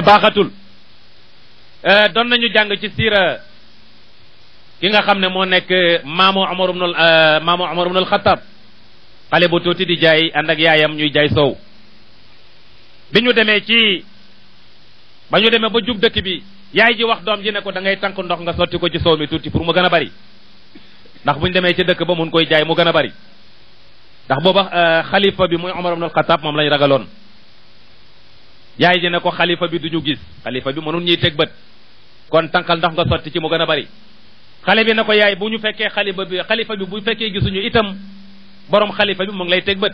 baaxatul eh, doon nañu jàng ci siira ki nga xam ne moo nekk maamo Omar ibn al maamu Omar ibn al eh, xale bu tuuti di jaay ànd ak yaayam ñuy jaay soow bi ñu demee ci ba ñu demee ba jub dëkk bi yaay ji wax doom ji ne ko da ngay tànk ndox nga sotti ko ci soow mi tuuti pour mu gën a bari ndax bu demee ci dëkk ba mun koy jaay mu gën a bari ndax booba eh, xalifa bi muy Omar ibn al Xattaab moom lañ ragaloon yaay ji ne ko xalifa bi du ñu gis xalifa bi mënul ñuy teg bët kon tànqal ndax nga sotti ci mu gën a bari xale bi ne ko yaay bu ñu fekkee xalifa bi xalifa bi bu fekkee gisuñu itam borom xalifa bi mu ngi lay teg bët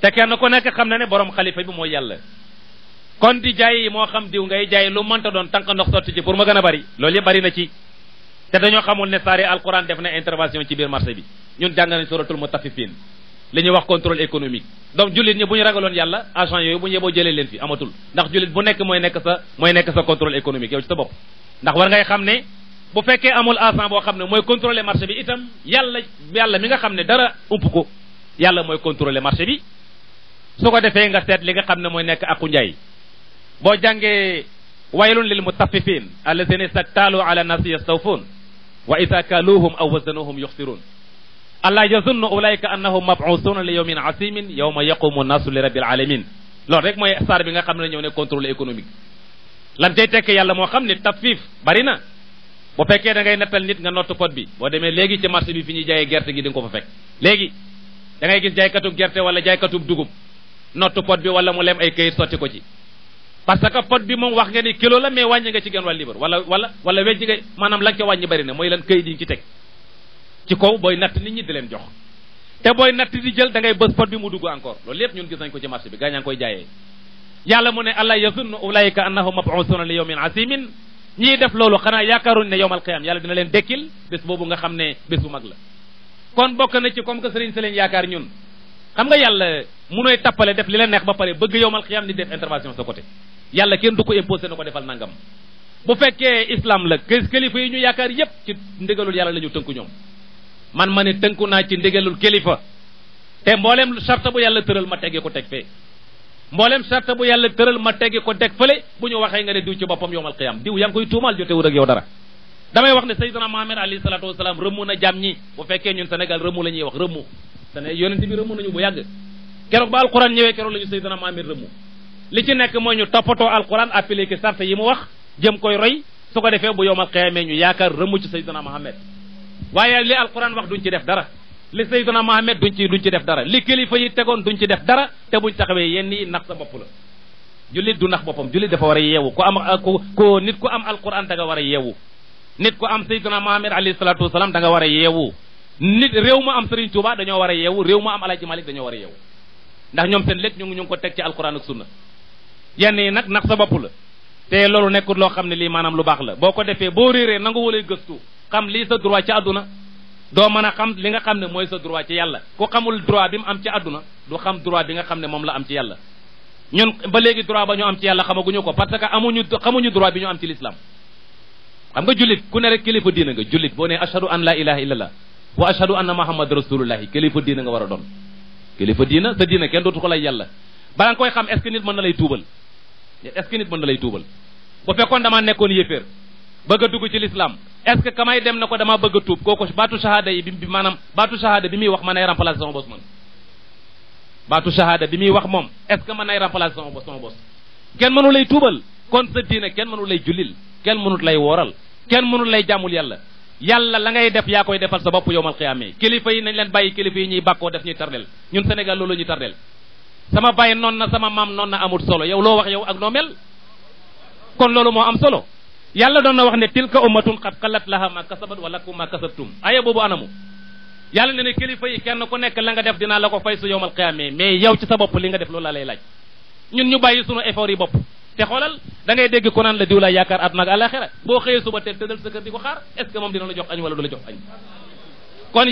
te kenn ku nekk xam na ne borom xalifa bi mooy yàlla kon di jaay moo xam diw ngay jaay lu mënta doon tànk ndox sotti ci pour ma gën a bari loolu yëpp bari na ci te dañoo xamul ne saari alquran def na intervention ci biir marché bi ñun jàng nañ suratul mutaffifin li ñuy wax contrôle économique donc jullit ñi bu ñu ragaloon yàlla agent yooyu bu ñu yeboo jëlee leen fi amatul ndax jullit bu nekk mooy nekk sa mooy nekk sa contrôle économique yow ci sa bopp ndax war ngay xam ne bu fekkee amul agent boo xam ne mooy contrôler marché bi itam yàlla yàlla mi nga xam ne dara ump ko yàlla mooy contrôler marché bi su ko defee nga seet li nga xam ne mooy nekk aqu njaay boo jàngee waylun lil mutaffifin allazina istactaalu ala nasi yastawfun wa ida kaaluhum aw wazanuhum yuxsiruun allah yazunnu ulaika annahum mab'uthuna li yawmin asimin yawma yaqumu nasu li rabbil alamin loolu rek mooy saar bi nga xam ne ñëw ne contrôle économique lan tey tekk yàlla moo xam ne taffiif bari na bu fekkee da ngay nettal nit nga nottu pot bi boo demee léegi ci marché bi fi ñuy jaayee gerte gi di nga ko fa fekk léegi da ngay gis jaaykatub gerte wala jaaykatub dugub nottu pot bi wala mu lem ay këyit sotti ko ci parce que pot bi moom wax nga ni kilo la mais wàññi nga ci genn wàll libar wala wala wala wejji nga bari na mooy lan këyit yi ñu teg ci kaw booy natt nit ñi di leen jox te booy natt di jël da ngay bës pot bi mu dugg encore loolu lépp ñun gis ko ci marché bi gaa ñaa ngi koy jaayee yàlla mu ne allah yazunnu ulaika annahum mab'uthuna li yawmin asimin ñii def loolu xanaa yaakaaruñ ne yowmal qiyam yàlla dina leen dekkil bés boobu nga xam ne bés bu mag la kon bokk na ci comme que sëriñ sa leen yaakaar ñun xam nga yàlla munoy tappale def li la neex ba pare bëgg yowmal qiyam ni def intervention sa côté yàlla kenn du ko imposé na ko defal nangam bu fekkee islam la kilifa yi ñu yaakaar yépp ci ndigalul yàlla la ñu tënku ñoom man ma ne tënku naa ci ndigalul kilifa te mboolem sarta bu yàlla tëral ma teggi ko teg fee mboolem sarta bu yàlla tëral ma teggi ko teg fële bu ñu waxee nga ne diw ci boppam yowmal qiyam diw yaa ngi koy tuumaal jotewul ak yow dara damay wax ne sayyidina Muhammad alayhi salaatu wasalaam rëmmu na jàmm ñi bu fekkee ñun Sénégal rëmmu la ñuy wax rëmmu sene yonent bi rëmmu nañu bu yàgg keroog ba alquran ñëwee keroog la ñu sayyidina Muhammad rëmmu li ci nekk mooy ñu toppatoo alquran appliqué sarta yi mu wax jëm koy roy su ko defee bu yowmal qiyamee ñu yaakaar rëmmu ci sayyidina Muhammad waaye li alquran wax duñ ci def dara li Seydina Mohamed duñ ci duñ ci def dara li kilifa yi tegoon duñ ci def dara te buñ taxawee yenn yi nax sa bopp la jullit du nax boppam jullit dafa war a yeewu ko am ko nit ku am alquran da nga war a yeewu nit ko am Seydina Mohamed alayhi salaatu wasalaam da nga war a yeewu nit réew mu am Serigne Touba dañoo war a yeewu réew ma am Alaaji Malik dañoo war a yeewu ndax ñoom seen lépp ñu ngi ñu ngi ko teg ci alquran ak sunna yenn yi nag nax sa la te loolu nekkul loo xam ne lii maanaam lu baax la boo ko defee boo réeree nangu walay gëstu xam lii sa droit ci àdduna doo mën a xam li nga xam ne mooy sa droit ci yàlla ku xamul droit bi mu am ci àdduna du xam droit bi nga xam ne moom la am ci yàlla ñun ba léegi droit ba ñu am ci yàlla xamaguñu ko parce que amuñu xamuñu droit bi ñu am ci l'islam xam nga jullit ku ne rek kilifa diina nga jullit boo ne ashhadu an la ilaha illallah wa ashhadu anna muhammad rasulullahi kilifa diina nga war a doon kilifa diina sa diina kenn dootu ko lay yàlla balaa nga koy xam na lay tuubal est nit mën lay tuubal bu fekkoon damaa nekkoon yéeféer bëgg a dugg ci l'islam est-ce que kamay dem na ko dama bëgg a tuub kooku baatu shahada yi bi maanaam baatu shahada bi muy wax man nay remplacer sama bos man baatu bi muy wax moom est-ce que man nay remplacer sama bos sama bos kenn mënu lay tuubal kon sa diine kenn mënu lay julil kenn mënut lay wooral kenn mënut lay jàmmul yàlla yàlla la ngay def yaa koy defal sa bopp yowmal xiyaame kilifa yi nañ leen bàyyi kilifa yi ñuy bàkkoo def ñuy tardel ñun Sénégal loolu ñuy sama baay noon na sama maam noon na amul solo yow loo wax yow ak noo mel kon loolu moo am solo yàlla doon na wax ne tilka ummatun qad xalat laha ma kasabat wa lakum ma kasabtum aya boobu anamu yàlla ne ne kilifa yi kenn ku nekk la nga def dinaa la ko fay su yowmal qiyaama mais yow ci sa bopp li nga def loolu laa lay laaj ñun ñu bàyyi sunu effort bopp te xoolal da ngay dégg ko naan la diw la yaakaar àdduna ak alaxira boo xëyee suba teel tëddal sa ko xaar moom dina la jox añ wala la jox añ kon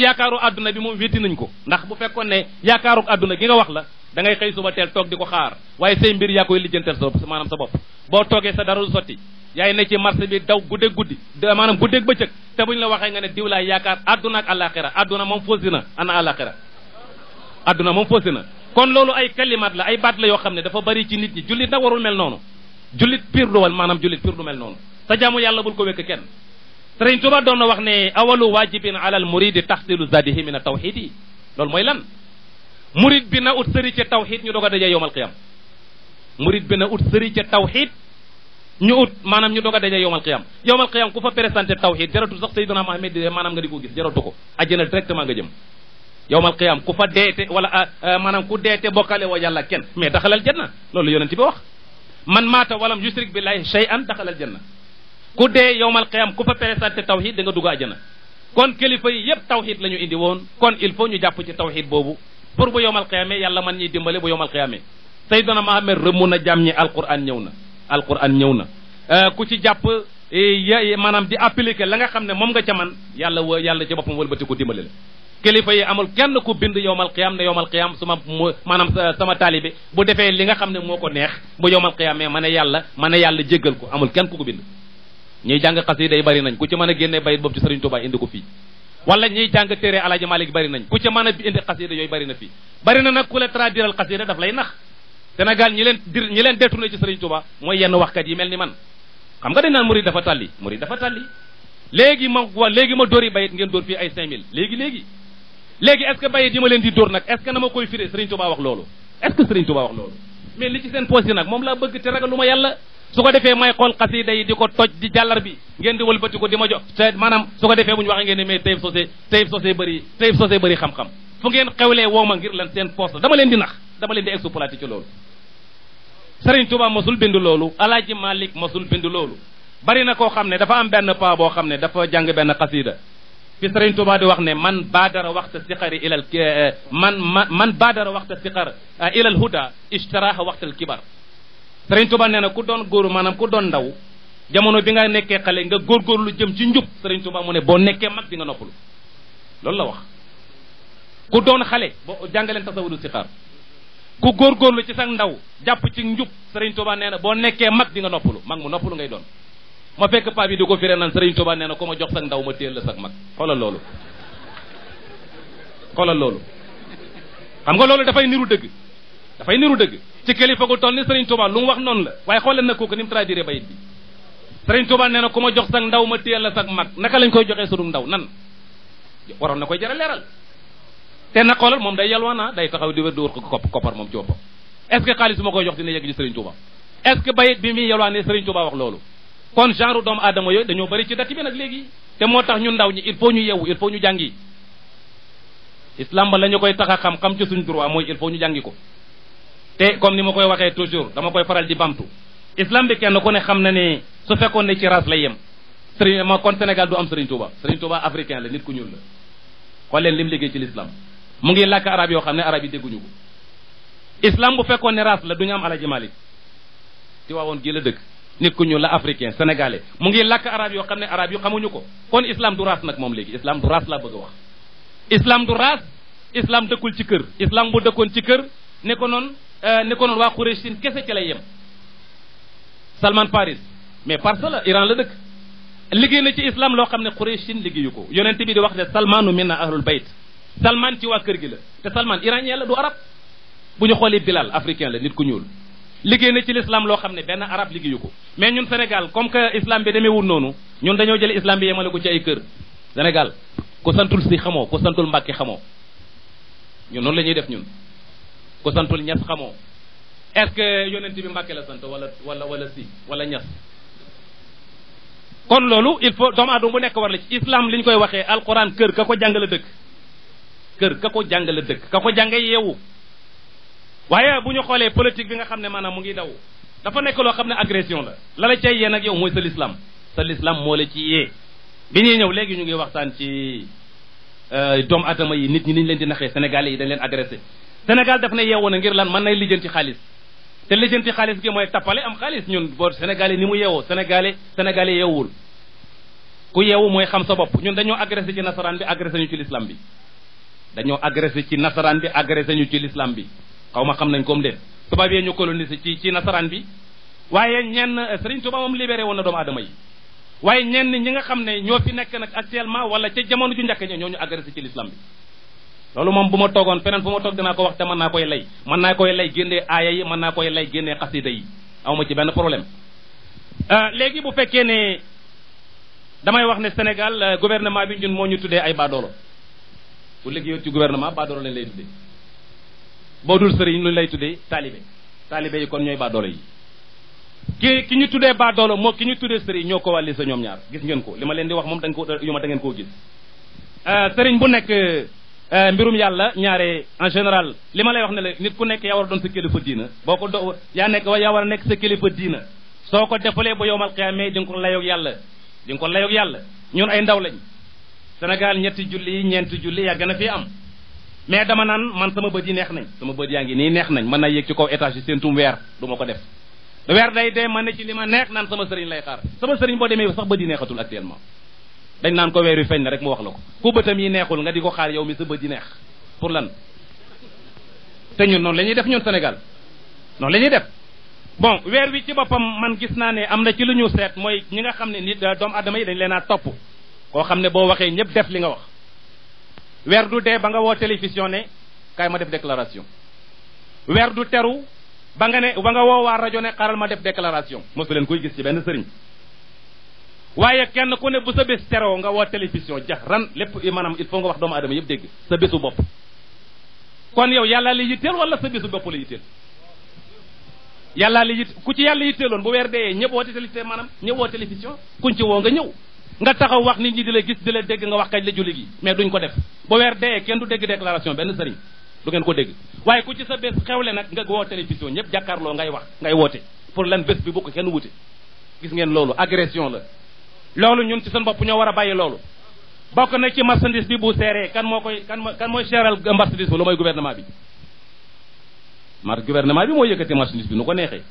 bi moom wétti nañ ko ndax bu fekkoon ne yaakaaru àdduna gi nga wax la dangay xëy suba teel toog di ko xaar waaye say mbir yaa koy lijjantal sa maanaam sa bopp boo toogee sa dara du sotti yaay ne ci marché bi daw guddeeg guddi maanaam guddeeg bëccëg te buñ la waxee nga ne diw laa yaakaar adduna ak àllaaxira adduna moom foosi na ana àllaaxira adduna moom foosi na kon loolu ay kalimat la ay baat la yoo xam ne dafa bari ci nit ñi jullit nag warul mel noonu jullit pir du wal maanaam jullit pir du mel noonu sa jaamu yàlla bul ko wekk kenn Sëriñ Tuba doon na wax ne awalu waajibin alal muridi taxsilu zadihi min a tawxid yi loolu mooy lan murit bi na ut sëri ca tawxiid ñu doog a daje yowmal qiyam murit bi na ut sëri ca tawxiid ñu ut maanaam ñu doog a daje yowmal qiyam yowmal qiyam ku fa présenté tawxiid jaratu sax Seydina Muhammad di maanaam nga di ko gis jaratu ko àjjana directement nga jëm yowmal qiyam ku fa deete wala ah, ah, maanaam ku deete bokkale woo yàlla kenn mais daxalal janna loolu yonent bi wax man maata walam yusrik billahi shay'an daxalal na ku dee yowmal qiyam ku fa présenté tawxiid da nga dugg àjjana kon kilifa yi yépp tawxiid la ñu indi woon kon il faut ñu jàpp ci tawxiid boobu pour bu yowmal xiyaame yàlla man ñuy dimbale bu yowmal xiyaame Seydina Mohamed rëmm na jàmm ñi alquran ñëw na alquran ñëw na euh, ku ci jàpp eh, ya maanaam di appliquer la nga xam ne moom nga ca man yàlla wa yàlla ci boppam wëlbati ko dimbale la kilifa yi amul kenn ku bind yowmal qiyaam ne yowmal qiyaam suma maanaam sama taalibe bu defee li nga xam ne moo ko neex bu yowmal qiyaamee ma ne yàlla ma ne yàlla jéggal ko amul kenn ku ko bind ñuy jàng xas yi day bari nañ ku ci mën a génne bayit boobu ci Sëriñ indi ko fii wala ñiy jàng téere alaaji Malik bari nañ ku ca mën a bi indi xasida yooyu bari na fi bari na nag ku la traduiral xasida daf lay nax Sénégal ñi leen di ñi leen détourné ci Sëriñ Tuuba mooy yenn kat yi mel ni man xam nga dañ naan murid dafa tàlli murid dafa tàlli léegi ma wa léegi ma dóori bayit ngeen dóor fii ay 5000 léegi léegi léegi est ce que bayit yi ma leen di dóor nag est ce que na ma koy firé Sëriñ Tuuba wax loolu est ce que Sëriñ Tuuba wax loolu mais li su ko defee may xool xasida yi di ko toj di jàllar bi ngeen di wëlbati ko di ma jox maanaam su ko defee bu ñu waxee ngeen ne mais Taïb Socé Taïb Socé bëri Taïb xam-xam fu ngeen xewlee woo ma ngir lan seen poste dama leen di nax dama leen di exploité ci loolu Serigne Touba mosul bind loolu Alaaji Malik mosul bind loolu bari na koo xam ne dafa am benn paa boo xam ne dafa jàng benn xasida fi Serigne Touba di wax ne man baadara waxta siqari ilal eh, man man baadara waxta siqar eh, ilal huda ishtaraha waxtal kibar Sëriñ Tuba nee na ku doon góor maanaam ku doon ndaw jamono bi nga nekkee xale nga góor góorgóorlu jëm ci njub Sëriñ Tuba mu ne boo nekkee mag di nga noppalu loolu la wax. ku doon xale boo jàngaleen tasawudu si xaar ku góorgóorlu ci sax ndaw jàpp ci njub Sëriñ Tuba nee na boo nekkee mag di nga noppalu mag mu noppalu ngay doon. ma fekk paa bi di ko firee naan Sëriñ Tuba nee na ku ma jox sax ndaw ma téel la sax mag xoolal loolu xoolal loolu xam nga loolu dafay niru dëgg dafay niru dëgg. ci kilifa gu toll ni Serigne Touba lu mu wax noonu la waaye xoolal na kooku ni mu traduire bayit bi Serigne Touba nee na ku ma jox sag ndaw ma téyel la sag mag naka lañ koy joxee sunu ndaw nan waroon na koy jëra leeral te na xoolal moom day yalwaana day taxaw di wér di wër ko koppar moom ci boppam est-ce que ma koy jox dina yegg ci Serigne Touba est-ce bayit bi muy yalwaanee Serigne Touba wax loolu kon genre doomu aadama yooyu dañoo bëri ci dëkk bi nag léegi te moo tax ñun ndaw ñi il faut ñu yeewu il faut ñu jàngi islam ba la ñu koy tax a xam suñu droit mooy il faut ñu jàngi ko te comme ni ma koy waxee toujours dama koy faral di bamtu islam bi kenn ku ne xam na ne su fekkoon ne ci race lay yem sëriñ ma kon Sénégal du am Serigne Touba Serigne Touba africain la nit ku ñuul la xool leen lim liggéey ci l'islam mu ngi làkk arab yoo xam ne arab yi dégguñu ko islam bu fekkoon ne race la du ñu am alaji malik ci waawoon gii la dëkk nit ku ñuul la africain sénégalais mu ngi làkk arab yoo xam ne arab yu xamuñu ko kon islam du race nag moom léegi islam du race laa bëgg a wax islam ci kër islam bu dëkkoon Euh, nekkoon waa Quraysh sin kese ci lay yem Salman Paris mais parce la Iran la dëkk liggéey na ci islam loo xam ne Quraysh sin liggéeyu ko yonent bi di wax ne salmanu minna ahlul bayt Salman ci waa kër gi la te iran iranien la du arab bu ñu xoolee Bilal africain la nit ku ñuul liggéey na ci l'islam loo xam ne benn arab liggéeyu ko mais ñun Sénégal comme que islam bi demeewul noonu ñun dañoo jële islam bi yemale ko ci ay kër Sénégal ku santul si xamoo ku santul Mbàkke xamoo ñun noonu la def ñun ko santul ñas xamoo est-ce que yonent bi Mbàkke la sant wala wala wala si wala ñas kon loolu il faut doomu aadama bu nekk war la ci islam li ñu koy waxee alquran kër ka ko jàngale dëkk kër ka ko jàngale dëkk ka ko jànge yeewu waaye bu ñu xoolee politique bi nga xam ne maanaam mu ngi daw dafa nekk loo xam ne agression la la la cay yee nag yow mooy sa lislam sa lislam moo la ci yee bi ñuy ñëw léegi ñu ngi waxtaan ci euh, doomu aadama yi nit ñi ni ñu leen di naxee sénégalais yi dañ leen agressé Sénégal daf na yeewoon ngir lan mën nay lijjanti xaalis te lijjanti xaalis gi mooy tappale am xaalis ñun boo sénégalais ni mu yeewoo sénégalais sénégalais yeewul ku yeewu mooy xam sa bopp ñun dañoo agressé ci nasaraan bi agressé ñu ci l'islam bi dañoo agressé ci nasaraan bi agressé ñu ci l'islam bi xaw ma xam nañ comme déet tubaab yee ñu colonisé ci ci nasaraan bi waaye ñenn Serigne Touba moom libéré woon na doomu adama yi waaye ñenn ñi nga xam ne ñoo fi nekk nag actuellement wala ca jamono ju njëkk ñoo ñu agressé ci l'islam bi loolu moom bu ma toogoon feneen fu ma toog dinaa ko wax te man naa koy lay mën naa koy lay génnee aaya yi mën naa koy lay génnee xasida yi awma ci benn problème euh, léegi bu fekkee ne damay wax ne Sénégal euh, gouvernement bi ñun moo ñu tuddee ay baadoolo bu liggéeyoo ci gouvernement baadoolo lañ lay tuddee boo dul sëriñ lu lay tuddee taalibe taalibe yi kon ñooy baadoolo yi ki ki ñu tuddee baadoolo moo ki ñu tuddee sëriñ ñoo ko wàlli sa ñoom ñaar gis ngeen ko li ma leen di moom da nga ko da ngeen koo gis euh, Euh, mbirum yàlla ñaare en général li ma lay wax ne la nit ku nekk yaa war a doon sa kilifa diina boo ko do yaa nekk yaa war a nekk sa kilifa diina soo ko defalee ba yowmal qiyaama di nga ko layoog yàlla di nga ko layoog yàlla ñun ay ndaw lañ Sénégal ñetti julli ñeenti julli yàgg na fii am mais dama naan man sama bët yi neex nañ sama bët yaa ngi nii neex nañ mën naa yéeg ci kaw étage yi seen tum weer du ko def weer day dee man ne ci li ma neex naan sama lay xaar sama sëriñ boo demee sax bët yi neexatul actuellement dañ naan ko weer wi feeñ na rek mu wax la ko ku bëtam yi neexul nga di ko xaar yow mi sa bët yi neex pour lan te ñun noonu lañuy def ñun senegal noonu lañuy def bon weer wi ci boppam man gis naa ne am na ci lu ñu seet mooy ñi nga xam ne nit euh, doomu aadama yi dañ leen a topp koo xam ne boo waxee ñëpp def li nga wax weer du dee ba nga woo télévision ne kaay ma def déclaration weer du teru ba nga ne ba nga woo waa rajo ne xaral ma def déclaration mosu leen koy gis ci benn sëriñ waaye kenn ku ne bu sa bés teroo nga woo télévision jax ran lépp maanaam il faut nga wax doomu aadama yëpp dégg sa bésu bopp kon yow yàllaa la yitteel wala sa bésu bopp la yitteel yàllaa la yitt ku ci yàlla yitteeloon bu weer deyee ñëpp woo télévision maanaam ñëpp woo télévision kuñ ci woo nga ñëw nga taxaw wax nit ñi di la gis di la dégg nga wax kañ la julli gi mais duñ ko def bu weer deyee kenn du dégg déclaration benn sëriñ du ngeen ko dégg waaye ku ci sa bés xewle nag nga woo télévision ñëpp jàkkaarloo ngay wax ngay woote pour lan bés bi bu kenn wute gis ngeen loolu agression la loolu ñun ci suñu bopp ñoo war a bàyyi loolu bokk na ci marchandise bi bu seeree kan moo koy kan kan mooy seeral marchandise bi lu mooy gouvernement bi mar gouvernement bi moo yëkkati marchandise bi nu ko neexee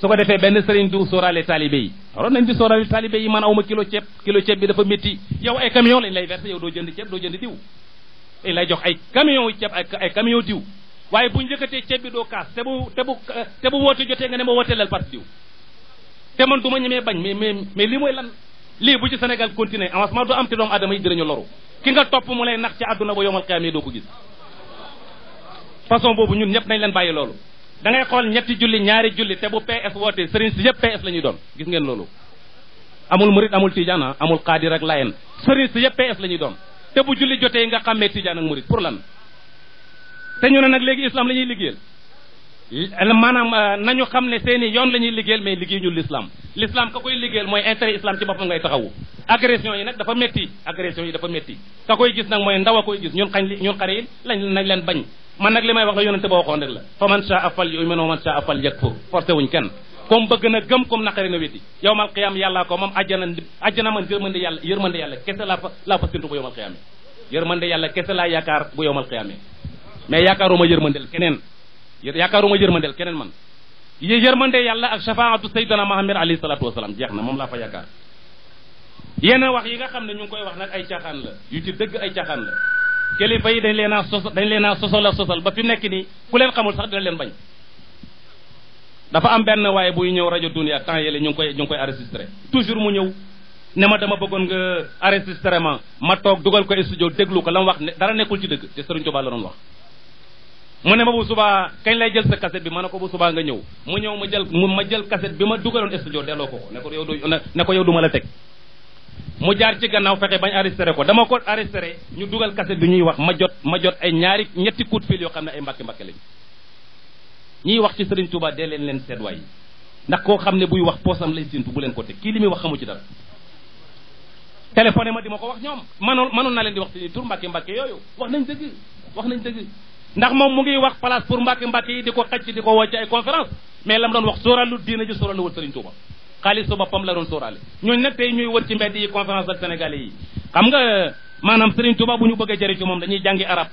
su ko defee benn sëriñ du sorale taalibe yi waroon nañ di sóoraale taalibe yi man awma kilo ceeb kilo ceeb bi dafa métti yow ay camion lañ lay versé yow doo jënd ceeb doo jënd diw dañ lay jox ay camion yu ceeb ay camion diw waaye bu ñu yëkkatee ceeb bi doo kaas te bu te bu te bu woote jotee nga ne ma wooteelal parti te man du ma ñemee bañ mais mais mais lii mooy lan lii bu ci Sénégal continuer avancement du am te doomu aadama yi dinañu loru ki nga topp mu lay nax ci àdduna ba yomal xiyaamee doo ko gis façon boobu ñun ñëpp nañ leen bàyyi loolu dangay xool ñetti julli ñaari julli te bu PS wootee sëriñ si yëpp PS la ñuy doon gis ngeen loolu amul murit amul tijaan ah, amul xaadir ak layen sëriñ si yëpp PS la ñuy doon te bu julli jotee nga xàmmee tijaan ak murit pour lan te ñu ne nag léegi islam la ñuy liggéeyal Eh, maanaam euh, nañu xam ne seen i yoon la ñuy liggéeyal mais liggéey ñu ka koy liggéeyal mooy intérêt islam ci boppam ngay taxawu agression yi nag dafa métti agression yi dafa métti ka koy gis nag mooy ndaw a koy gis ñun xare yi lañ leen bañ man nag li may wax la ba waxoon rek la fa man saa fal yu'min wa man saa fal yakfur forcé wuñ kenn comme bëgg na gëm comme naqari na wéti yowmal qiyaam yàllaa ko moom ajjana ajjana man yërmande yàlla yaakaaruma yërmandeel keneen man yërmande yàlla ak shafaatu sayyidina Muhammad alayhi salaatu wasalaam jeex na moom laa fa yaakaar yenn wax yi nga xam ne ñu ngi koy wax nag ay caaxaan la yu ci dëgg ay caaxaan la kilifa yi dañ leen sos dañ leen a sosal a ba fi nekk nii ku leen xamul sax dina leen bañ dafa am benn waaye buy ñëw rajo Dunia temps yële ñu ngi koy ñu ngi koy enregistré toujours mu ñëw ne ma dama bëggoon nga enregistrement ma toog dugal ko studio déglu ko la mu ne dara nekkul ci dëgg te Serigne Touba la doon wax mu ne ma bu subaa kañ lay jël sa kaset bi ma a ko bu subaa nga ñëw mu ñëw ma jël ma jël kaset bi ma dugaloon studio delloo ko ko ne ko yow du ne ko yow du la teg mu jaar ci gannaaw fexe bañ arrêté ko dama ko arrêté ñu dugal kaset bi ñuy wax ma jot ma jot ay ñaari ñetti coup de yoo xam ne ay mbàkke mbàkke lañ ñuy wax ci Serigne Touba dee leen leen seet waay ndax koo xam ne buy wax poosam lay séntu bu leen ko teg kii li muy wax xamu ci dara téléphoné ma di ma ko wax ñoom manoon manoon naa leen di wax seeni yooyu wax nañ wax nañ dëgg ndax moom mu ngi wax place pour mbàkki mbàkki yi di ko xaj di ko woo ci ay conférence mais la mu doon wax sóoralu diina ji sóoralu wër Sëriñ Tuuba xaalis su boppam la doon sóoraale ñooñu nag tey ñuy wër ci mbedd yi conférence ak sénégalais yi xam nga maanaam Sëriñ Tuuba bu ñu bëggee jëri moom dañuy jàngi arab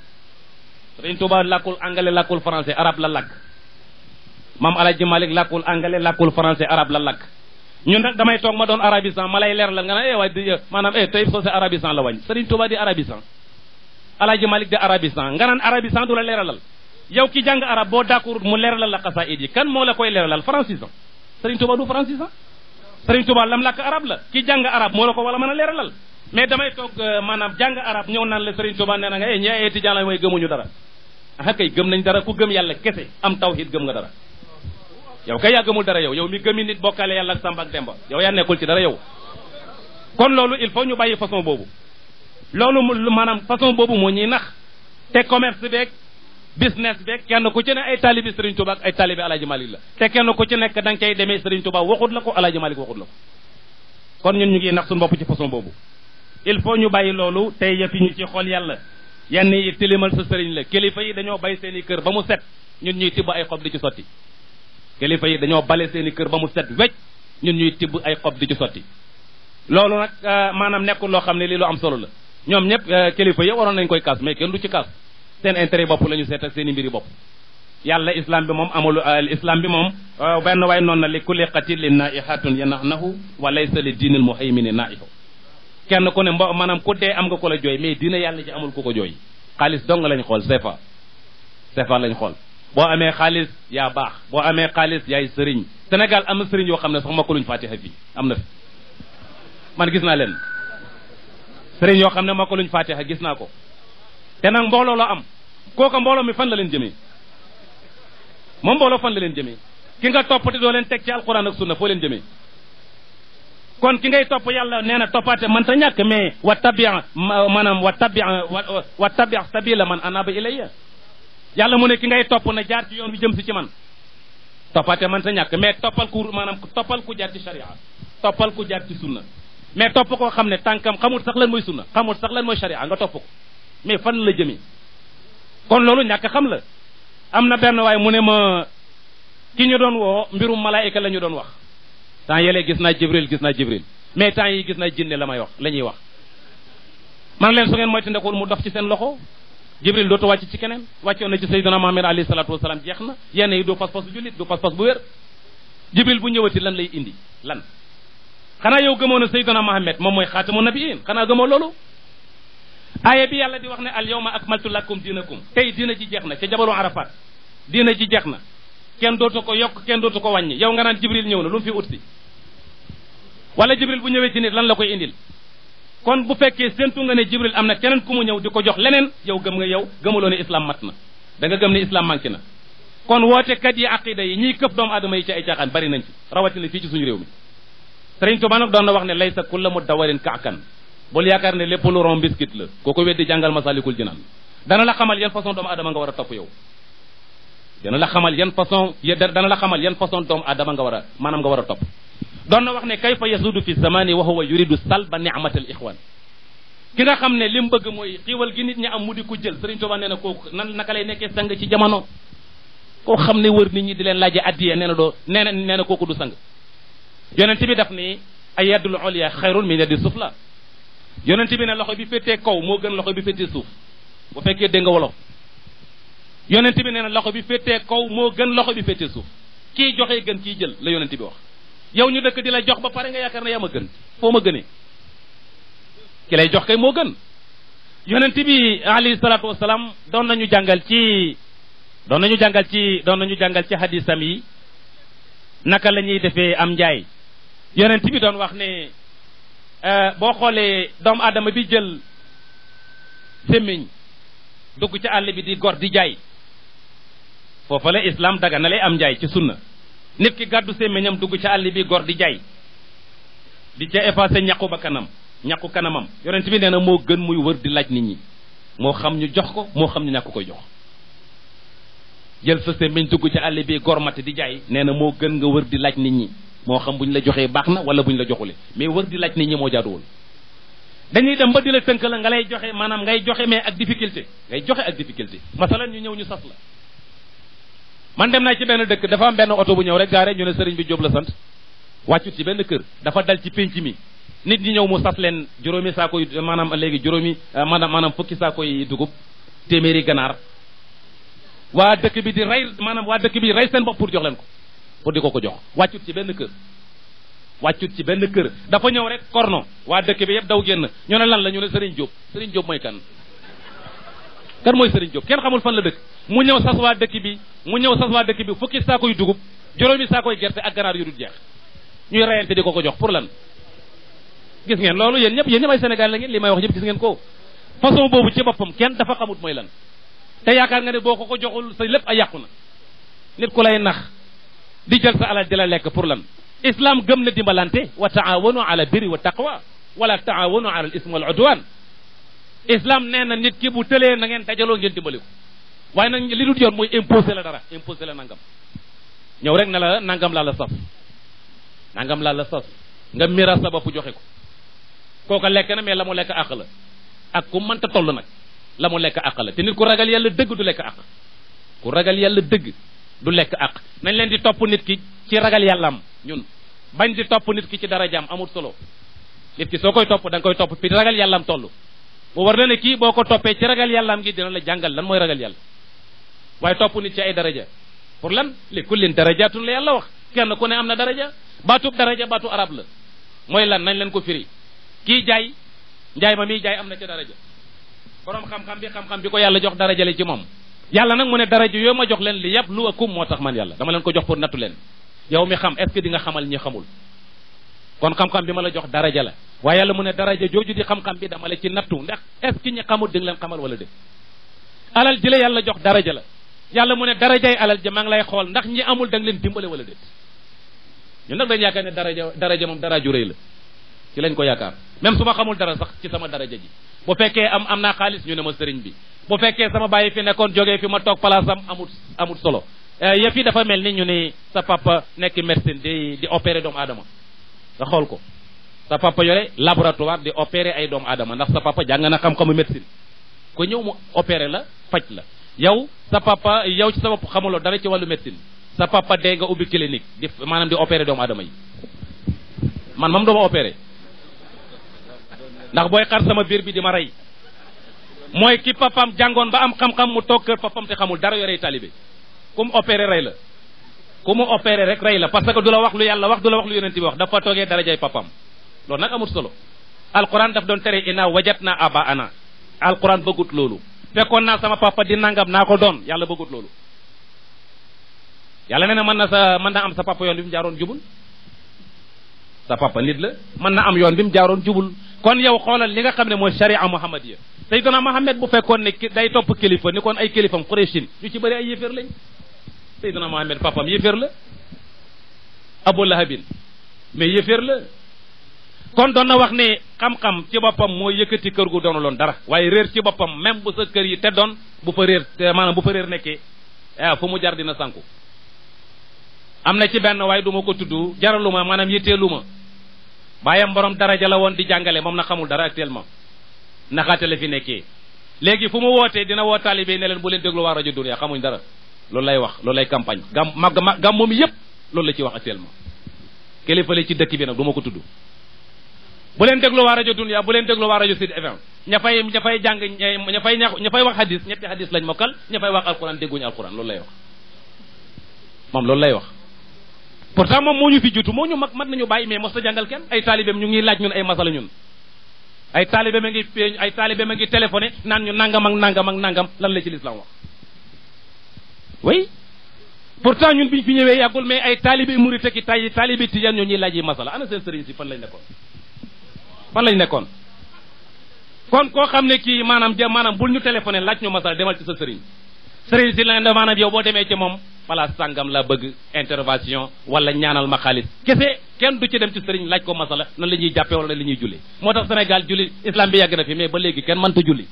Sëriñ Tuuba làkkul anglais lakkul français arab la làkk maam Alaaji Malik làkkul anglais làkkul français arab la làkk ñun nag damay toog ma doon arabisant ma lay leer la nga ne eh waaye eh, maanaam eh tey soo sa alaaji malik de arabistan nga naan arabistan du la leeralal yow ki jàng arab boo d'accord mu leeralal la xasaayid yi kan moo la koy leeralal francisan Serigne Touba du francisan Serigne Touba lam làkk arab la ki jàng arab moo la ko wala mën a leeralal mais damay toog euh, maanaam jàng arab ñëw naan la Serigne Touba nee na nga e ñi ay la mooy gëmuñu dara ah kay gëm nañ dara ku gëm yàlla kese am tawhid gëm nga dara yow kay yaa gëmul dara yow yow mi gëmi nit bokkaale yàlla ak Samba ak Demba yow yaa nekkul ci dara yow kon loolu il faut ñu bàyyi façon boobu loolu maanaam façon boobu moo ñuy nax te commerce beeg business beeg kenn ku ci ne ay taalibi Serigne Touba ak ay taalibi Alaaji Malik la te kenn ku ci nekk da nga cay demee Serigne Touba waxut la ko Alaaji Malik waxut la ko kon ñun ñu ngi nax suñu bopp ci façon boobu il faut ñu bàyyi loolu tey yëf yi ñu ci xool yàlla yenn yi tilimal sa sëriñ la kilifa yi dañoo bay seen i kër ba mu set ñun ñuy tibb ay xob di ci sotti kilifa yi dañoo bale seeni kër ba mu set wecc ñun ñuy tibb ay xob di ci sotti loolu nag euh, maanaam nekkul loo xam ne lii lu am solo la ñoom ñëpp euh, kilifa ya waroon nañ koy kaas mais kenn du ci kaas seen intérêt bopp la ñu seet ak i mbiri bopp yàlla islam bi moom amul euh, islam bi moom euh, benn waaye noon na li kulli qatilin nax yanahnahu wa laysa li diinil i naihu kenn ku ne mbo maanaam ku dee am nga ko la jooy mais diina yàlla ci amul ku ko jooy xaalis dong lañ xool sefa sefa lañ xool boo amee xaalis yaa baax boo amee xaalis yaay sëriñ senegal am na sëriñ yoo xam ne sax mokkaluñ fatiha fii am na fi man naa leen sëriñ yoo xam ne moo ko luñ fatiha gis naa ko te nag mbooloo la am kooka mbooloo mi fan la leen jëmee moom mbooloo fan la leen jëmee ki nga toppate doo leen teg ci alquran ak sunna foo leen jëmee kon ki ngay topp yàlla nee na toppaate man ta ñàkk mais wa tabia maanaam wa tabia wa tabia sabila man anaba ilayya yàlla mu ne ki ngay topp na jaar ci yoon wi jëm si ci man toppaate man ta ñàkk mais toppal ku maanaam toppal ku jaar ci sharia toppal ku jaar ci sunna mais topp koo xam ne tànkam xamul sax lan mooy sunna xamul sax lan mooy sharia nga topp ko mais fan la jëmee kon loolu ñàkk xam la am na benn waaye mu ne ma ki ñu doon woo mbirum malaayika la ñu doon wax temps yële gis naa jibril gis naa jibril mais temps yi gis naa jinne la may wax la ñuy wax man leen su ngeen moytandikul mu dox ci seen loxo jibril dootu wàcc ci keneen wàccoon na ci sayyidina Muhammad alayhi salaatu wasalaam jeex na yenn yi du pas-pas bu jullit du bu wér jibril lan lay indi lan xanaa yow gëmoon na sayyidina Muhammad moom mooy xaatamu nabiyin xanaa gëmoo loolu aaya bi yàlla di wax ne al yawma akmaltu lakum diinakum tey diina ji jeex na ca jabalu Arafat diina ji jeex na kenn dootu ko yokk kenn dootu ko wàññi yow nga naan jibril ñëw na lu mu fi ut si wala jibril bu ñëwee ci nit lan la koy indil kon bu fekkee séntu nga ne jibril am na keneen ku mu ñëw di ko jox leneen yow gëm nga yow gëmuloo ne islam mat na da nga gëm ne manqué na kon wootekat yi aqida yi ñiy këf doomu aadama yi ci ay caaxaan bari nañ rawatina fii ci suñu réew mi Sëriñ Tuubaa nag doon na wax ne laysa kulla mu dawarin kaakan bul yaakaar ne lépp lu ron biscuit la koo ko weddi jàngal Masaalikul Jinaan dana la xamal yan façon doomu adama nga war a topp yow dana la xamal yan façon dana la xamal yan façon doomu adama nga war a maanaam nga war a topp doon na wax ne kayfa yasudu fi zamani wa huwa yuridu salba ni'matal ixwan ki nga xam ne li mu bëgg mooy xiiwal gi nit ñi am mu di ko jël Sëriñ Tuubaa nee na kooku nan naka lay nekkee sang ci jamono koo xam ne wër nit ñi di leen laaje addiye nee na doo nee na nee na kooku yonent bi daf ni ay yaddul ulya xayrun min yaddi suuf la yonent bi ne loxo bi féetee kaw moo gën loxo bi féetee suuf bu fekkee dégg nga wolof yonent bi nee loxo bi féetee kaw moo gën loxo bi féetee suuf kii joxe gën kii jël la yonent bi wax yow ñu dëkk di la jox ba pare nga yaakaar ne yaa ma gën foo ma gënee ki lay jox kay moo gën yonent bi alayhi salaatu wasalaam doon nañu jàngal ci doon nañu jàngal ci doon nañu jàngal ci hadisam yi naka lañuy defee am njaay yonent bi doon wax ne euh, boo xoolee doomu aadama bi jël sémmiñ dugg ci àll bi di gor di jaay foofa la islam na lay am njaay ci sunna nit ki gàddu sémmiñam dugg ci àll bi gor di jaay di ca effacé ñaqu ba kanam ñaqu kanamam yonent bi nee moo gën muy wër di laaj nit ñi moo xam ñu jox ko moo xam ñu ñàkk koy jox jël sa sémmiñ dugg ci àll bi gor mat di jaay nee na moo gën nga wër di laaj nit ñi moo xam bu ñu la joxee baax na wala bu ñu la joxule mais war di laaj ni ñi moo jaaduwul dañuy dem ba di la tënk la nga lay joxe maanaam ngay joxe mais ak difficulté ngay joxe ak difficulté masalan ñu ñëw ñu sas la man dem naa ci benn dëkk dafa am benn oto bu ñëw rek gaare ñu ne sëriñ bi Jóob la sant wàccut ci benn kër dafa dal ci pénc mi nit ñi ñëw mu sas leen juróomi saako yi maanaam léegi juróomi euh, maanaam maanaam fukki saako yi dugub téeméeri ganaar waa dëkk bi di rey maanaam waa dëkk bi rey seen bopp pour jox leen ko pour di ko ko jox wàccut ci benn kër wàccut ci benn kër dafa ñëw rek korno waa dëkk bi yëpp daw génn ñu ne lan la ñu ne sëriñ Diop Serigne Diop mooy kan kan mooy sëriñ Diop kenn xamul fan la dëkk mu ñëw sas waa dëkk bi mu ñëw sas waa dëkk bi fukki saakoy dugub juróomi saakoy gerte ak ganaar yu dul jeex ñuy reyante di ko ko jox pour lan gis ngeen loolu yéen ñëpp yéen ñëpp ay senegal la ngeen li may wax yëpp gis ngeen ko façon boobu ci boppam kenn dafa xamut mooy lan te yaakaar nga ne boo ko ko joxul sa lépp ay yàqu na nit ku lay di jal sa alal di la lekk pour lan islam gëm na dimbalante wa taawanu ala birri wa taqwa wala taawanu ala al ism wal udwan na nit ki bu tëlee na ngeen dajaloo ngeen dimbali ko waaye nag li dul yoon mooy imposé la dara imposé la nangam ñëw rek na la nangam laa la sas nangam laa la sas nga miiras sa bopp joxe ko ko lekk na mais la mu lekk àq la ak ku mënta toll nag la mu lekk àq la te nit ku ragal yàlla dëgg du lekk àq ku ragal yàlla dëgg du lekk ak nañ leen di topp nit ki ci ragal yàllaam ñun bañ di topp nit ki ci darajaam amul solo nit ki soo koy topp da nga koy topp fi ragal yàllaam toll mu war na ne kii boo ko toppee ci ragal yàllaam gi dina la jàngal lan mooy ragal yàlla waaye topp nit ci ay daraja pour lan li kullin darajatun la yàlla wax kenn ku ne am na daraja baatub daraja baatu arab la mooy lan nañ leen ko firi kii jaay njaay ma miy jaay am na ca daraja borom xam bi xam-xam ko yàlla jox daraja la ci moom yàlla nag mu ne daraja yooyu ma jox leen li yabluwakum moo tax man yàlla dama leen ko jox pour nattu leen yow mi xam est-ce di nga xamal ñi xamul kon xam-xam bi ma la jox daraja la waaye yàlla mu ne daraja jooju di xam-xam bi dama la ci nattu ndax est-ce que ñi xamul di leen xamal wala dé alal ji la yàlla jox daraja la yàlla mu ne darajay alal ji maa ngi lay xool ndax ñi amul da leen dimbale wala déet ñun nag dañu yaakaar ne daraja daraja moom dara ju la ci ko yaakaar même su ma xamul dara sax ci sama daraja ji bu fekkee am am naa xaalis ñu ne ma sëriñ bi bu fekkee sama bàyyi fi nekkoon jogee fi ma toog palaasam amut amut solo eh, yëf yi dafa mel ni ñu ni sa papa nekk médecine di di opérer doomu adama nga xool ko sa papa yore laboratoire di opérer ay doomu aadama ndax sa papa jàng na xam-xamu médecine ko ñëw mu opérer la faj la yow sa papa yow ci sa bopp xamuloo dara ci wàllu médecine sa papa de nga ubbi clinique di maanaam di opérer doomu aadama yi man moom doo ma ndax booy xar sama biir bi di ma rey mooy ki papam jàngoon ba am xam-xam mu toog kër papam te xamul dara yorey taalibe ku mu opéré rey la ku mu opéré rek rey la parce que du la wax lu yàlla wax du la wax lu yonent bi wax dafa toogee darajay papam loolu nag amut solo alquran daf doon tere ina wajat naa aba ana alquran bëggut loolu fekkoon naa sama papa di nangam naa ko doon yàlla bëggut loolu yàlla nee na mën na mën na am sa papa yoon bi mu jaaroon jubul sa papa nit la mën na am yoon bi mu jaaroon jubul kon yow xoolal li nga xam ne mooy sharia muhammadiya Seydina Mohamed bu fekkoon ne day topp kilifa ni kon ay kilifam Qurayshin ñu ci bëri ay yéeféer lañ Seydina Mohamed papam yéeféer la Abu Lahabin mais yéeféer la kon doon na wax ne xam-xam ci boppam moo yëkkati kër gu doonu loon dara waaye réer ci boppam même bu sa kër yi te doon bu fa réer maanaam bu fa réer nekkee ah fu mu jar dina sànku am na ci benn waaye duma ko tudd jaraluma maanaam yitteelu ma bàyyam borom daraja la woon di jàngale moom na xamul dara naxaate la fi nekkee léegi fu mu wootee dina woo taalibe ne leen bu leen déglu waa rajo Dunia xamuñ dara loolu lay wax loolu lay campagne gam mag ma gam moom yépp loolu la ci wax actuellement kilifa la ci dëkk bi nag du ma ko tudd bu leen déglu waa rajo Dunia bu leen déglu waa rajo Sud FM ña fay ña fay jàng ña fay ña fay wax hadis ñetti hadis lañ mokkal ña fay wax alquran dégguñu alquran loolu lay wax moom loolu lay wax pourtant moom moo ñu fi jutu moo ñu ñu ngi laaj ñun ay masala ñun ay taalibe ma ngi feeñ ay taalibe ma ngi téléphoné naan ñu nangam ak nangam ak nangam lan la ci lislaam wax oui pourtant ñun biñ fi ñëwee yàggul mais ay mu murit ak tay taalibe tijaan ñoo ñuy laaj yi masala ana seen sëriñ si fan lañ nekkoon fan lañ nekkoon kon koo xam ne kii maanaam ja maanaam bul ñu téléphoné laaj ñu masala demal ci sa sëriñ sëriñ si la demaanam yow boo demee ci moom place sàngam laa bëgg intervention wala ñaanal ma xaalis kese kenn du ci dem ci sëriñ laaj ko masala nan la ñuy jàppee wala li ñuy julli moo tax Sénégal julli islam bi yàgg na fi mais ba léegi kenn mënta julli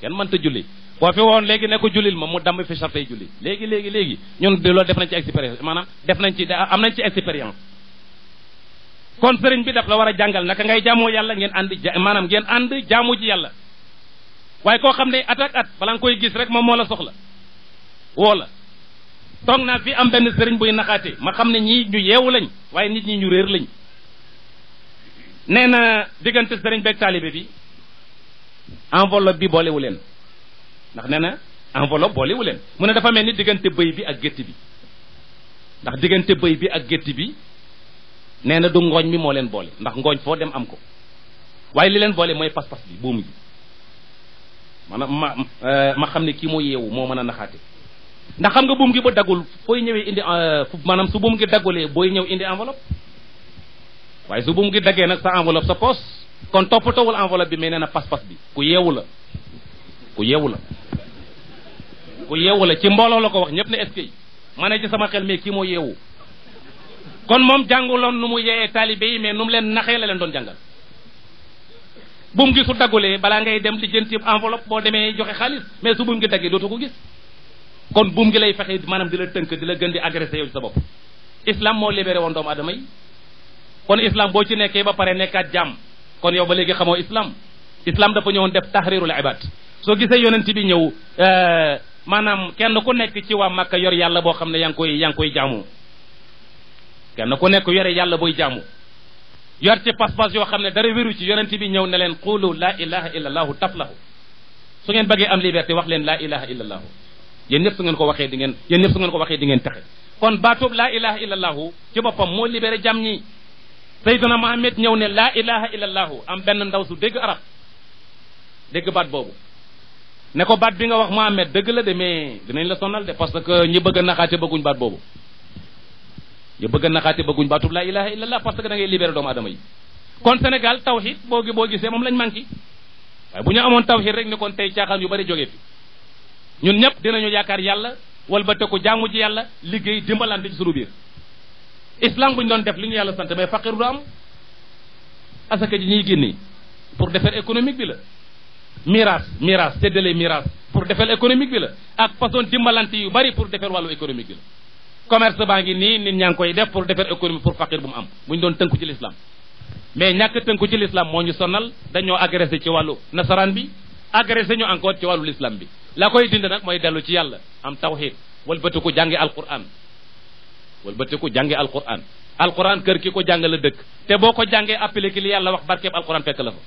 kenn mënta julli boo fi woon léegi ne ko jullil ma mu damm fi sartay julli léegi léegi léegi ñun de loolu def nañ ci expérience maanaam def nañ ci am nañ ci expérience kon sëriñ bi daf la war a jàngal naka ngay jaamoo yàlla ngeen ànd maanaam ngeen ànd jaamu ji yàlla waaye koo xam ne at ak koy gis rek moom moo la soxla woo la naa fi am benn sëriñ buy naxaate ma xam ne ñii ñu yeewu lañ waaye nit ñi ñu réer lañ nee na diggante sëriñ beeg taalibe bi enveloppe bi boolewu leen ndax nee na enveloppe boolewu leen mu ne dafa mel ni diggante bëy bi ak gétt bi ndax diggante bëy bi ak gétt bi nee na du ngooñ mi moo leen boole ndax ngooñ foo dem am ko waaye li leen boole mooy pas-pas bi buum gi maanaam ma ma xam ne kii mooy yeewu moo mën a naxaate ndax xam nga buum gi ba daggul fooy ñëwee indi euh, maanaam su buum gi daggulee booy ñëw indi enveloppe waaye su buum gi daggee nag sa enveloppe sa poos kon toppatoowul enveloppe bi may nee na pas bi ku yeewu la ku yeewu la ku yeewu la ci mbooloo la ko wax ñëpp ne est-ce que ma sama xel mais kii moo yeewu kon moom jànguloon nu mu yeeyee taalibe yi mais nu mu leen naxee la leen doon jàngal buum gi su daggulee balaa ngay dem lijjanti enveloppe boo demee joxe xaalis mais su buum gi daggee dootu ko gis kon buum ngi lay fexe maanaam di la tënk di la gën di agressé yow ci sa bopp islam moo libéré woon doomu aadama yi kon islam boo ci nekkee ba pare nekkaat jàmm kon yow ba léegi xamoo islam islam dafa ñëwoon def tahrirul ibad soo gisee yonent bi ñëw euh, maanaam kenn ku nekk ci waa Makka yor yàlla boo xam ne yaa ngi koy yaa koy jaamu kenn ku nekk yore yàlla booy jaamu yor ci pas-pas yoo xam ne dara wéru ci yonent bi ñëw ne leen qulu la ilaha illa allahu taflahu su ngeen bëggee am liberté wax leen la ilaha illa allahu yéen yëpp su ngeen ko waxee dingeen ngeen yéen ñëpp su ngeen ko waxee di ngeen texe kon baatub laa ilaha illallahu ci boppam moo libéré jàmm ñi sayduna Muhammad ñëw ne laa ilaha illallahu am benn ndaw su dégg arab dégg baat boobu nekko baat bi nga wax Muhammad dëgg la de mais dinañ la sonal de parce que ñi bëgg a naxaate baat boobu ñi bëgg a naxaate bëgguñ baatub laa ilaha illallah parce que da ngay libéré doomu aadama yi kon Sénégal tawhid boo gisee moom lañ manqué waaye bu ñu amoon tawhid rek ne kon tey caaxaan yu bari jógee ñun ñëpp dinañu yaakaar yàlla walbatiku jaamu ji yàlla liggéey dimbalante ci sunu biir islam bu ñu doon def li ñu yàlla sant mais faqir du am asaka ji ñuy génne pour defar économique bi la miraas miraas seddalee miraas pour defar économique bi la ak façon dimbalante yu bari pour defar wàllu économique bi la commerce baa ngi nii nit ñaa ngi koy def pour defar économie pour faqir bu mu am bu ñu doon tënku ci l'islam mais ñàkk tënku ci l'islam moo ñu sonal dañoo agressé ci wàllu agressé ñu encore ci wàllu l'islam bi laa koy dind nag mooy dellu ci yàlla am tawhid walbatiku jàngi alquran walbatiku jàngi alquran alquran kër ki ko jàng la dëkk te boo ko jàngee appliqué li yàlla wax barkeeb alquran fekk la fa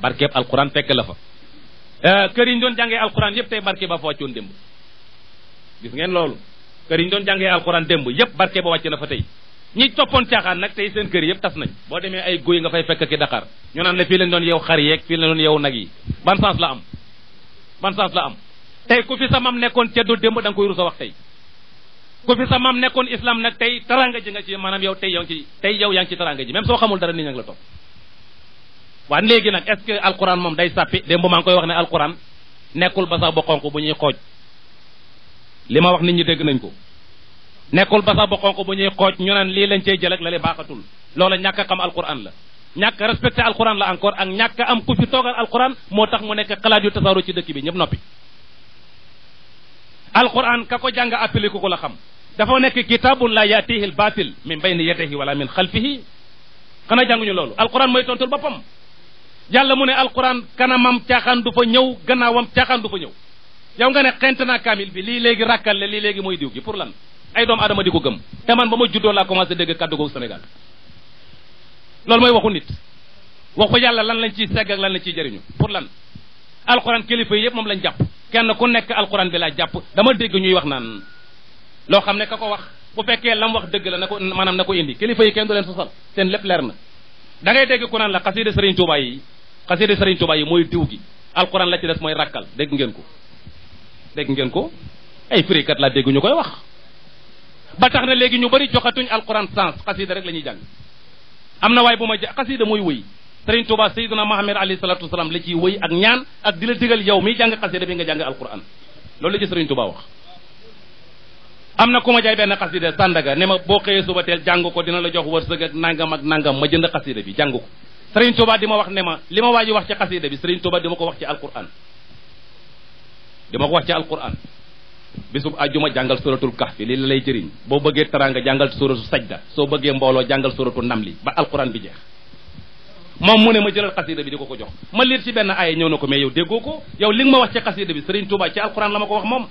barkeeb alquran fekk la fa euh, kër yi doon jàngee alquran yépp tey barke ba fa wàccoon démb gis ngeen loolu kër yi ñu doon jàngee alquran démb yépp barke ba wàcc na fa tey ñi toppoon caaxaan nag tey seen kër yëpp tas nañ boo demee ay guy nga fay fekk ki daqaar ñu naan la fii lañ doon yow xar yeeg fii lañ doon yow nag yi ban la am ban la am tey ku fi sa mam nekkoon ceddo démb da nga koy rusa wax tey ku fi sa mam nekkoon islam nag tey taranga ji nga ci maanaam yow tey yow ci tey yow yaa ngi ci taranga ji même soo xamul dara nit ña ngi la topp waa léegi nag est-ce que alquran moom day sàppi démb maa ngi koy wax ne alquran nekkul ba ba xonk bu ñuy xooj li ma wax nit ñi dégg nañ ko nekkul ba sax bu xonq bu ñuy xooj ñu naan lii lañ cey jël ak lale baaxatul loola ñàkk a xam alquran la ñàkk respecté alquran la encore ak ñàkk am ku fi toogal alquran moo tax mu nekk xalaat yu tasaaroo ci dëkk bi ñëpp noppi alquran ka ko jàng appelé ku ko la xam dafa nekk kitabun la yatihi l batil min bayni yadihi wala min xalfihi xanaa jànguñu loolu alquran mooy tontul boppam yàlla mu ne alquran kanamam caaxaan du fa ñëw gannaawam caaxaan du fa ñëw yow nga ne xent naa kaamil bi lii léegi ràkkal le léegi mooy diw gi pour lan ay doom adama di ko gëm te man ba ma juddoo laa commencé dégg kàddu googu Sénégal loolu mooy waxu nit waxu yàlla lan lañ ciy segg ak lan la ciy jëriñu pour lan alxuraan kilifa yi yëpp moom lañ jàpp kenn ku nekk alxuraan bi laa jàpp dama dégg ñuy wax naan loo xam ne ka ko wax bu fekkee lam wax dëgg la na ko maanaam na ko indi kilifa yi kenn du leen sosal seen lépp leer na dangay ngay dégg ku naan la xasida Serigne Touba yi xasida Serigne Touba yi mooy diw gi alxuraan la ci des mooy rakkal dégg ngeen ko dégg ngeen ko ay firikat laa dégg ñu koy wax ba tax na léegi ñu bëri joxatuñ alquran sens xasida rek la ñuy jàng am na waay bu ma ja xasida mooy wëy sëriñ Tuuba Seydina Muhammad alayhi salatu wasalaam la ciy wëy ak ñaan ak di la digal yow miy jàng xasida bi nga jàng alquran loolu la ci sëriñ Tuuba wax am na ku ma jaay benn xasida sàndaga ne ma boo xëyee suba teel jàng ko dina la jox wërsëg nangam ak nangam ma jënd xasida bi jàng ko sëriñ Tuuba di ma wax ne ma li ma waa ji wax ci xasida bi sëriñ Tuuba di ma ko wax ci alquran di ma ko wax ci bisub àjjuma jàngal suratul kahfi li lay jëriñ boo bëggee taraanga jàngal suratu sajda soo bëggee mbooloo jàngal suratu namli ba alquran bi jeex moom mu ne ma jëlal xasida bi di ko ko jox ma liir ci benn aaya ñëw na ko mais yow déggoo ko yow li nga ma wax ci xasida bi Serigne Touba ci alquran la ma ko wax moom